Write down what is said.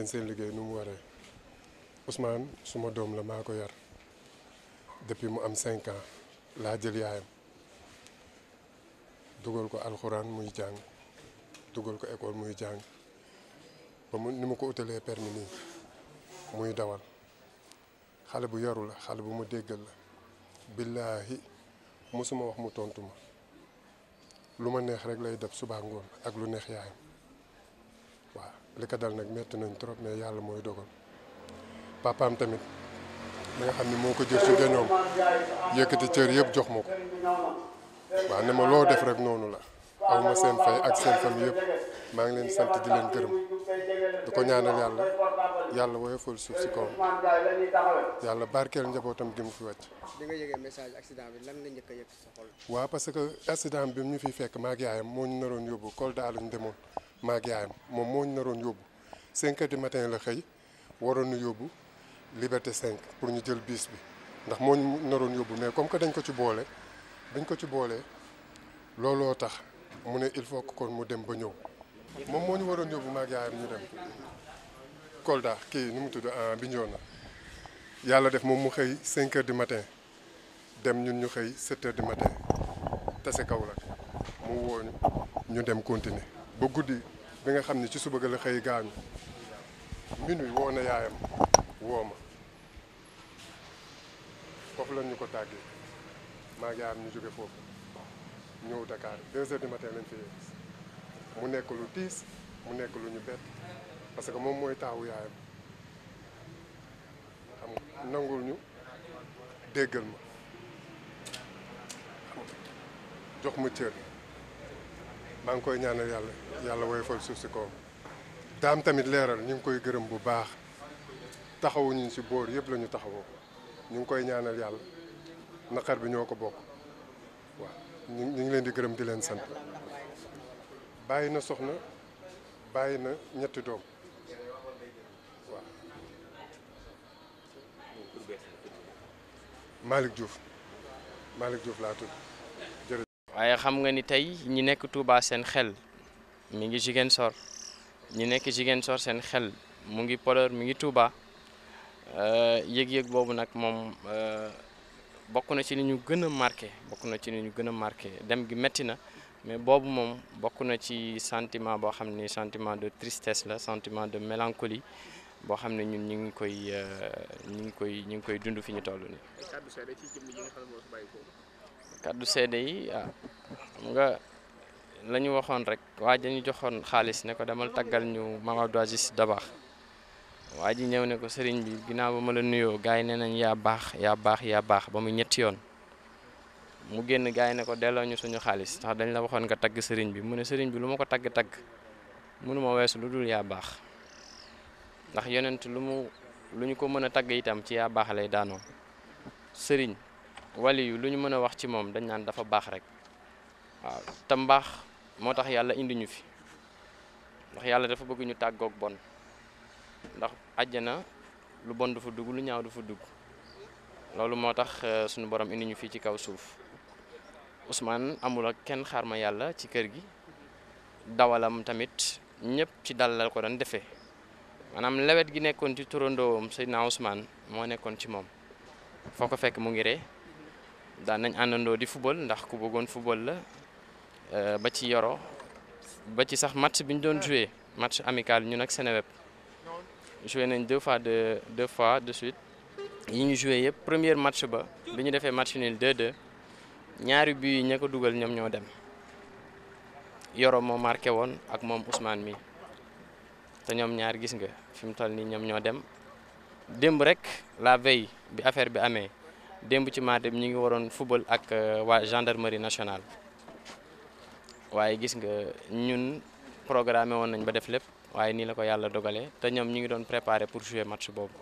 ngeen seen liggéey ni mu waree Ousmane suma doom la maa ko yar depuis mu am cinq laa jël yaayam dugal ko alxuraan muy jàng dugal ko école muy jàng ba mu ni ma ko utalee permis nii muy dawal xale bu yaru la xale bu ma déggal la billaahi suma wax mu tontu ma lu ma neex rek lay def suba ngoon ak lu neex yaayam li ko dal nag metti nañ trop mais yàlla mooy dogal papaam tamit mi nga xam ne moo ko jël ci gànnaawam yëkkati cër yëpp jox ma ko waaw ne ma loo def rek noonu la aw ma seen fay ak seen famille yëpp maa ngi leen sant di leen gërëm di ko ñaanal yàlla yàlla woyofal suuf si kawam yàlla barkeel njabootam gi mu fi wàcc. bi nga yëgee message accident bi lan a yëg sa que accident bi mu ñu fiy fekk maa ngi yaayam moo ñu naroon yóbbu Kolda la ñu demoon. maag yaayam moom moo ñu naroon yóbbu 5 du matin la xëy waroon nu yóbbu Liberté cinq pour ñu jël biis bi ndax moo ñu naroon yóbbu mais comme que dañ ko ci boole dañ ko ci boole looloo tax mu ne il faut que kon mu dem ba ñëw moom moo ñu waroon yóbbu maag yaayam ñu dem Kolda kii nu mu tudd ah Bignona yàlla def moom mu xëy 5 heures du matin dem ñun ñu xëy 7 heures du matin tase Kaolack mu wooñu ñu dem continuer. ba guddi bi nga xam ne ci suba ga la xëy gaañu minuit woo na yaayam woo ma foofu lan ñu ko tàggee maa ngi yaayam ñu jóge foofu ñëw Dakar deux heures du matin lañ mu nekk lu tiis mu nekk lu ñu bett parce que moom mooy taawu yaayam xam nangul ñu déggal ma jox ma cër maa ngi koy ñaanal yàlla yàlla woyofal suuf si kawam daam tamit leeral ñu ngi koy gërëm bu baax taxawuñu si boor yëpp la ñu taxawoo ñu ngi koy ñaanal yàlla naqar bi ñoo ko bokk waaw ñu ngi leen di gërëm di leen sant bàyyi na soxna bàyyi na ñetti doom waaw juuf Diouf Malick Diouf laa tudd waaye xam nga ni tey ñi nekk Touba seen xel mi ngi Ziguinchor ñi nekk Ziguinchor seen xel mu ngi Podor mi ngi Touba euh, yëg-yëg boobu nag moom euh, bokk na ci li ñu gën a marqué bokk na ci li ñu gën a marqué dem gi metti na mais boobu moom bokk na ci sentiment boo xam ne sentiment de tristesse la sentiment de mélancolie boo xam ne ñun ñu ngi koy euh, ñu ngi koy ñu ngi koy dund fi ñu toll nii. kaddu seede yi ah, nga la ñu waxoon rek waa ji joxoon xaalis ne ko demal tàggal ñu Mame Abdou waa ji ñëw ne ko sëriñ bi ginnaaw ba ma la nuyoo gars yi nañ yaa baax yaa baax yaa baax ba mu ñetti yoon mu génn gars yi ne ko delloo ñu suñu xaalis ndax dañ la waxoon nga tagg sëriñ bi mu ne sëriñ bi lu ma ko tagg-tagg mënu ma weesu lu dul yaa baax ndax yonent lu mu lu ñu ko mën a tagg itam ci yaa baax lay daanoo sëriñ wali lu ñu mën a wax ci moom dañ naan dafa baax rek waaw te mbaax moo tax yàlla indi ñu fi ndax yàlla dafa bëgg ñu tàggoog bon ndax àjjana lu bon dafa fa dugg lu ñaaw dafa dugg loolu moo tax euh, suñu borom indi ñu fii ci kaw suuf Ousmane amul ak kenn xaar ma yàlla ci kër gi dawalam tamit ñëpp ci dal la ko doon defe maanaam lawet gi nekkoon ci turandoom Seydina Ousmane moo nekkoon ci moom foo ko fekk mu ngi ree daan nañ àndandoo di football ndax ku bëggoon football la Euh, ba ci yoro ba ci sax match bi ñu doon joué match amical ñun ak Seneweb joué nañ deux fois de deux fois de suite yi ñu joué yëpp première match ba bi ñu defee match nul de 2 ñaari but yi ña ko dugal ñoom ñoo dem yoro moo marqué woon ak moom Ousmane mi te ñoom ñaari gis nga fi mu toll nii ñoom ñoo dem démb rek la veille bi affaire bi amee démb ci maate bi ñu ngi waroon football ak euh, waa gendarmerie nationale waaye gis nga ñun programme woon nañ ba def lépp waaye nii la ko yàlla dogalee te ñoom ñu ngi doon préparer pour jouer match boobu